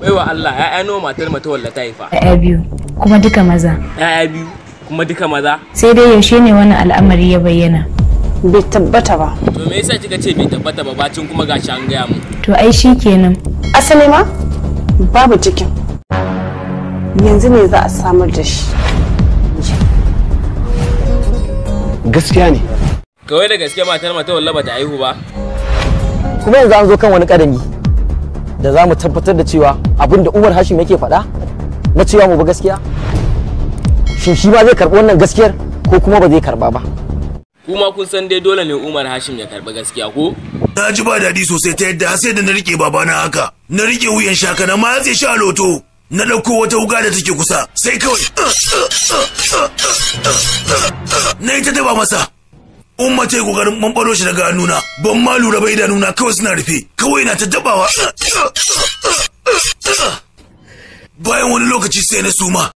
baiwa Allah ya'ya nawa matar mata wallata ta haifa ya'ya biyu kuma duka maza ya biyu kuma duka maza sai dai yaushe ne wani al'amari ya bayyana bai tabbata ba to me yasa kika ce bai tabbata ba bacin kuma gashi an gaya mu to ai shikenan asali ma babu cikin yanzu ne za a samar da shi gaskiya ne kawai da gaske matar mata walla bata haihu ba kuma yanzu an zo kan wani ƙarami da za mu tabbatar da cewa abin da umar hashim yake faɗa na cewa mu ba gaskiya shin shi ba zai karɓi wannan gaskiyar ko kuma ba zai karɓa ba kuma kun san dai dole ne umar hashim ya karɓi gaskiya ko na ji ba daɗi sosai ta yadda sai da na rike babana haka na rike wuyan shaka na ma zai sha loto na ɗauko wata wuga da take kusa sai kawai na yi ta taba masa umma ta yi ƙoƙarin ɓanɓaro shi daga hannuna ban ma lura ba idanuna kawai suna rufe kawai na ta dabawa bayan wani lokaci sai na suma.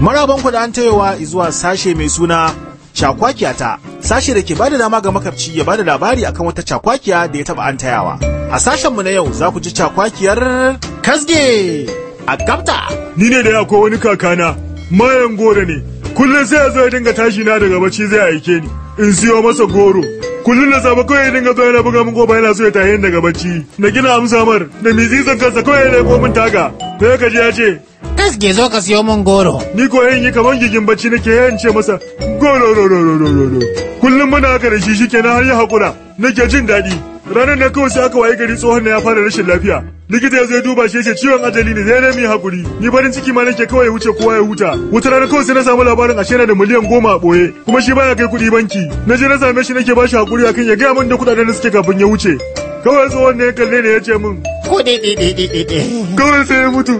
Marabanku da an tayowa zuwa sashe mai suna cakwakiya ta sashe da ke bada dama ga makabci ya bada labari akan wata cakwakiya da ya taba an tayawa. A sashenmu na yau za ku ji cakwakiyar kasge a kamta. Ni ne da ya wani kakana mayan goro ne kullum sai ya zo ya dinga tashi na daga bacci zai aike ni in siyo masa goro Kullum da zaba kawai dinga zuwa yana buga min kofa yana so ya tahin daga bacci na gina amsa mar da mizizan kansa kawai yana ko min taga to ya kaji ya ce gaske zo ka siyo min goro ni ko yin yi kaman gigin bacci nake yayin ce masa goro roro roro roro kullun muna haka da shi shikenan har ya hakura nake jin daɗi ranar na kawai sai aka waye gari tsohon na ya fara rashin lafiya likita ya zo ya duba shi ya ce ciwon ajali ne sai dai mu hakuri ni barin ciki ma nake kawai wuce kowa ya huta wata rana kawai sai na samu labarin ashe yana da miliyan goma a boye kuma shi baya kai kuɗi banki na je na same shi nake bashi hakuri akan ya gaya min da kuɗaɗen da suke kafin ya wuce kawai tsohon ne ya kalle ne ya ce min ko dai dai dai kawai sai ya mutu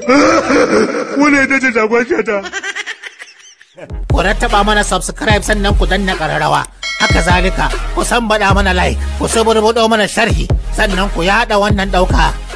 wani ya dace ta. ku rattaba mana subscribe sannan ku danna ƙararrawa haka zalika ku san baɗa mana like ku saburbuɗo mana sharhi sannan ku yaɗa wannan ɗauka